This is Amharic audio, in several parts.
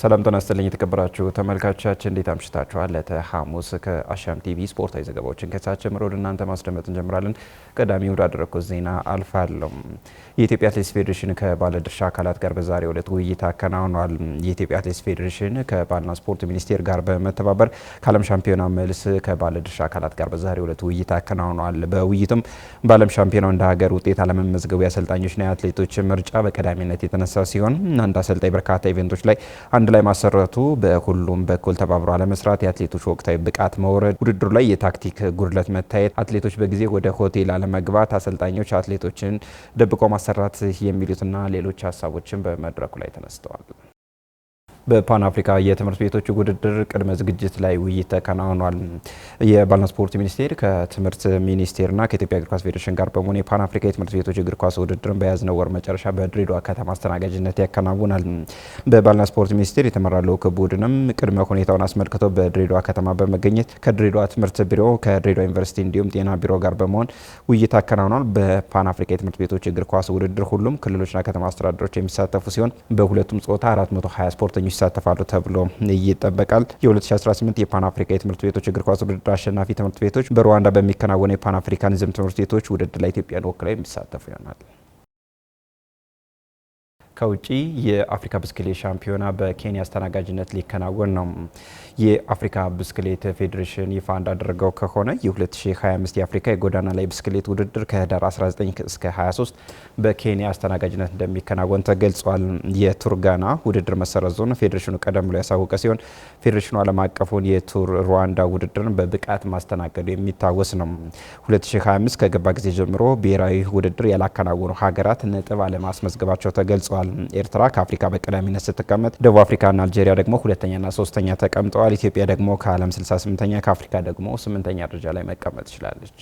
ሰላም ጤና ይስጥልኝ የተከበራችሁ ተመልካቾቻችን እንዴት አምሽታችኋል? ለተ ሐሙስ ከአሻም ቲቪ ስፖርታዊ ዘገባዎችን ከሰዓት ጀምሮ ወደ እናንተ ማስደመጥ እንጀምራለን። ቀዳሚ ወዳደረኩት ዜና አልፋለሁ። የኢትዮጵያ አትሌቲክስ ፌዴሬሽን ከባለድርሻ አካላት ጋር በዛሬው ዕለት ውይይት አከናውኗል። የኢትዮጵያ አትሌቲክስ ፌዴሬሽን ከባህልና ስፖርት ሚኒስቴር ጋር በመተባበር ከዓለም ሻምፒዮና መልስ ከባለድርሻ አካላት ጋር በዛሬው ዕለት ውይይት አከናውኗል። በውይይቱም በዓለም ሻምፒዮናው እንደ ሀገር ውጤት አለመመዝገቡ የአሰልጣኞችና የአትሌቶች ምርጫ በቀዳሚነት የተነሳ ሲሆን አንድ አሰልጣኝ በርካታ ኢቨንቶች ላይ አንድ ላይ ማሰረቱ፣ በሁሉም በኩል ተባብሮ አለመስራት፣ የአትሌቶች ወቅታዊ ብቃት መውረድ፣ ውድድሩ ላይ የታክቲክ ጉድለት መታየት፣ አትሌቶች በጊዜ ወደ ሆቴል አለመግባት፣ አሰልጣኞች አትሌቶችን ደብቆ ማሰራት የሚሉትና ሌሎች ሀሳቦችን በመድረኩ ላይ ተነስተዋል። በፓን አፍሪካ የትምህርት ቤቶች ውድድር ቅድመ ዝግጅት ላይ ውይይት ተከናውኗል። የባልና ስፖርት ሚኒስቴር ከትምህርት ሚኒስቴርና ከኢትዮጵያ እግር ኳስ ፌዴሬሽን ጋር በመሆን የፓን አፍሪካ የትምህርት ቤቶች እግር ኳስ ውድድርን በያዝነው ወር መጨረሻ በድሬዳዋ ከተማ አስተናጋጅነት ያከናውናል። በባልና ስፖርት ሚኒስቴር የተመራ ልዑክ ቡድንም ቅድመ ሁኔታውን አስመልክቶ በድሬዳዋ ከተማ በመገኘት ከድሬዳዋ ትምህርት ቢሮ፣ ከድሬዳዋ ዩኒቨርሲቲ እንዲሁም ጤና ቢሮ ጋር በመሆን ውይይት አከናውኗል። በፓን አፍሪካ የትምህርት ቤቶች እግር ኳስ ውድድር ሁሉም ክልሎችና ከተማ አስተዳደሮች የሚሳተፉ ሲሆን በሁለቱም ጾታ 420 ስፖርተኞች ይሳተፋሉ ተብሎ ይጠበቃል። የ2018 የፓን አፍሪካ የትምህርት ቤቶች እግር ኳስ ውድድር አሸናፊ ትምህርት ቤቶች በሩዋንዳ በሚከናወነው የፓን አፍሪካኒዝም ትምህርት ቤቶች ውድድር ላይ ኢትዮጵያን ወክለው የሚሳተፉ ይሆናል። ከውጪ የአፍሪካ ብስክሌት ሻምፒዮና በኬንያ አስተናጋጅነት ሊከናወን ነው። የአፍሪካ ብስክሌት ፌዴሬሽን ይፋ እንዳደረገው ከሆነ የ2025 የአፍሪካ የጎዳና ላይ ብስክሌት ውድድር ከህዳር 19 እስከ 23 በኬንያ አስተናጋጅነት እንደሚከናወን ተገልጿል። የቱር ጋና ውድድር መሰረዙን ፌዴሬሽኑ ቀደም ብሎ ያሳወቀ ሲሆን ፌዴሬሽኑ ዓለም አቀፉን የቱር ሩዋንዳ ውድድርን በብቃት ማስተናገዱ የሚታወስ ነው። 2025 ከገባ ጊዜ ጀምሮ ብሔራዊ ውድድር ያላከናወኑ ሀገራት ነጥብ አለማስመዝገባቸው ተገልጿል። ኤርትራ ከአፍሪካ በቀዳሚነት ስትቀመጥ፣ ደቡብ አፍሪካና አልጄሪያ ደግሞ ሁለተኛና ሶስተኛ ተቀምጠዋል። ኢትዮጵያ ደግሞ ከዓለም 68ኛ ከአፍሪካ ደግሞ ስምንተኛ ደረጃ ላይ መቀመጥ ትችላለች።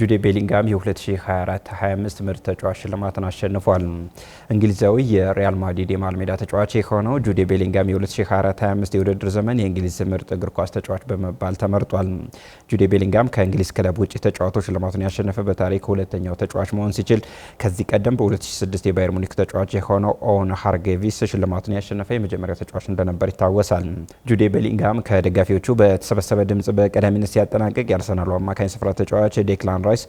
ጁዴ ቤሊንጋም የ2024-25 ምርጥ ተጫዋች ሽልማትን አሸንፏል። እንግሊዛዊ የሪያል ማድሪድ የመሃል ሜዳ ተጫዋች የሆነው ጁዴ ቤሊንጋም የ2024-25 የውድድር ዘመን የእንግሊዝ ምርጥ እግር ኳስ ተጫዋች በመባል ተመርጧል። ጁዴ ቤሊንጋም ከእንግሊዝ ክለብ ውጭ ተጫዋቶ ሽልማቱን ያሸነፈ በታሪክ ሁለተኛው ተጫዋች መሆን ሲችል ከዚህ ቀደም በ2006 የባየር ሙኒክ ተጫዋች የሆነው ኦን ሃርጌቪስ ሽልማቱን ያሸነፈ የመጀመሪያው ተጫዋች እንደነበር ይታወሳል። ጁዴ ቤሊንጋም ከደጋፊዎቹ በተሰበሰበ ድምጽ በቀዳሚነት ሲያጠናቅቅ የአርሰናሉ አማካኝ ስፍራ ተጫዋች ዴክላን ራይስ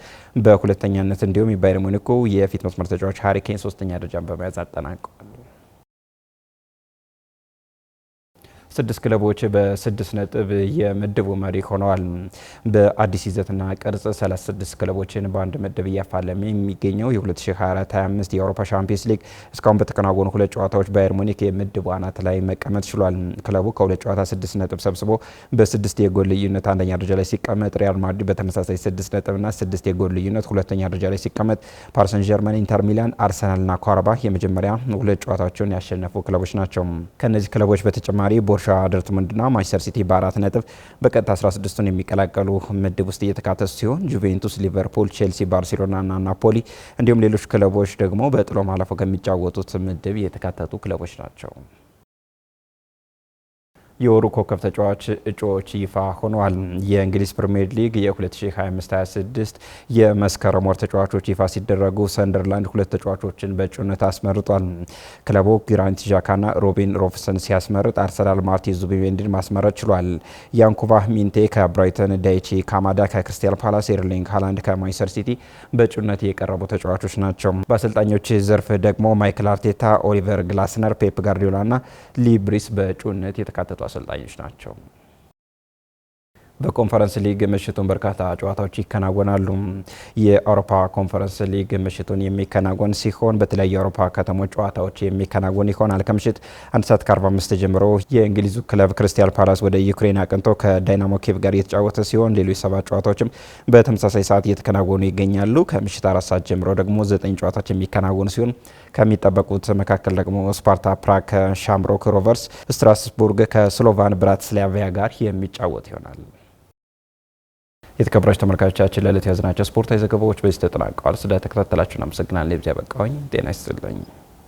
በሁለተኛነት እንዲሁም የባየር ሙኒኩ የፊት መስመር ተጫዋች ሀሪኬን ሶስተኛ ደረጃን በመያዝ አጠናቀዋል። ስድስት ክለቦች በስድስት ነጥብ የምድቡ መሪ ሆነዋል። በአዲስ ይዘትና ቅርጽ 36 ክለቦችን በአንድ ምድብ እያፋለመ የሚገኘው የ2024/25 የአውሮፓ ሻምፒየንስ ሊግ እስካሁን በተከናወኑ ሁለት ጨዋታዎች ባየር ሙኒክ የምድቡ አናት ላይ መቀመጥ ችሏል። ክለቡ ከሁለት ጨዋታ ስድስት ነጥብ ሰብስቦ በስድስት የጎል ልዩነት አንደኛ ደረጃ ላይ ሲቀመጥ፣ ሪያል ማድሪድ በተመሳሳይ ስድስት ነጥብና ስድስት የጎል ልዩነት ሁለተኛ ደረጃ ላይ ሲቀመጥ፣ ፓሪሰን ጀርመን፣ ኢንተር ሚላን፣ አርሰናልና ኳርባ የመጀመሪያ ሁለት ጨዋታቸውን ያሸነፉ ክለቦች ናቸው። ከእነዚህ ክለቦች በተጨማሪ ቦር በመጨረሻ ዶርትሙንድና ማንቸስተር ሲቲ በአራት ነጥብ በቀጥታ 16ቱን የሚቀላቀሉ ምድብ ውስጥ እየተካተቱ ሲሆን ጁቬንቱስ፣ ሊቨርፑል፣ ቼልሲ፣ ና ናፖሊ እንዲሁም ሌሎች ክለቦች ደግሞ በጥሎ ማለፎ ከሚጫወቱት ምድብ የተካተቱ ክለቦች ናቸው። የወሩ ኮከብ ተጫዋች እጩዎች ይፋ ሆኗል። የእንግሊዝ ፕሪምየር ሊግ የ2025/26 የመስከረም ወር ተጫዋቾች ይፋ ሲደረጉ ሰንደርላንድ ሁለት ተጫዋቾችን በእጩነት አስመርጧል። ክለቡ ግራኒት ዣካና ሮቢን ሮፍሰን ሲያስመርጥ፣ አርሰናል ማርቲን ዙቢሜንዲን ማስመረጥ ችሏል። ያንኩቫ ሚንቴ ከብራይተን፣ ዳይቺ ካማዳ ከክሪስታል ፓላስ፣ ኤርሊንግ ሃላንድ ከማንቸስተር ሲቲ በእጩነት የቀረቡ ተጫዋቾች ናቸው። በአሰልጣኞች ዘርፍ ደግሞ ማይክል አርቴታ፣ ኦሊቨር ግላስነር፣ ፔፕ ጋርዲዮላ ና ሊብሪስ በእጩነት የተካተቷል። አሰልጣኞች ናቸው። በኮንፈረንስ ሊግ ምሽቱን በርካታ ጨዋታዎች ይከናወናሉ። የአውሮፓ ኮንፈረንስ ሊግ ምሽቱን የሚከናወን ሲሆን በተለያዩ የአውሮፓ ከተሞች ጨዋታዎች የሚከናወን ይሆናል። ከምሽት አንድ ሰዓት ከ45 ጀምሮ የእንግሊዙ ክለብ ክሪስታል ፓላስ ወደ ዩክሬን አቅንቶ ከዳይናሞ ኬቭ ጋር የተጫወተ ሲሆን ሌሎች ሰባት ጨዋታዎችም በተመሳሳይ ሰዓት እየተከናወኑ ይገኛሉ። ከምሽት አራት ሰዓት ጀምሮ ደግሞ ዘጠኝ ጨዋታዎች የሚከናወኑ ሲሆን ከሚጠበቁት መካከል ደግሞ ስፓርታ ፕራክ ሻምሮክ ሮቨርስ፣ ስትራስቡርግ ከስሎቫን ብራትስላቪያ ጋር የሚጫወት ይሆናል። የተከበራችሁ ተመልካቾቻችን ለዕለት ያዝናቸው ስፖርታዊ ዘገባዎች በዚህ ተጠናቀዋል። ስለ ተከታተላችሁን ለብዚያ በቃውኝ ጤና ይስጥልኝ።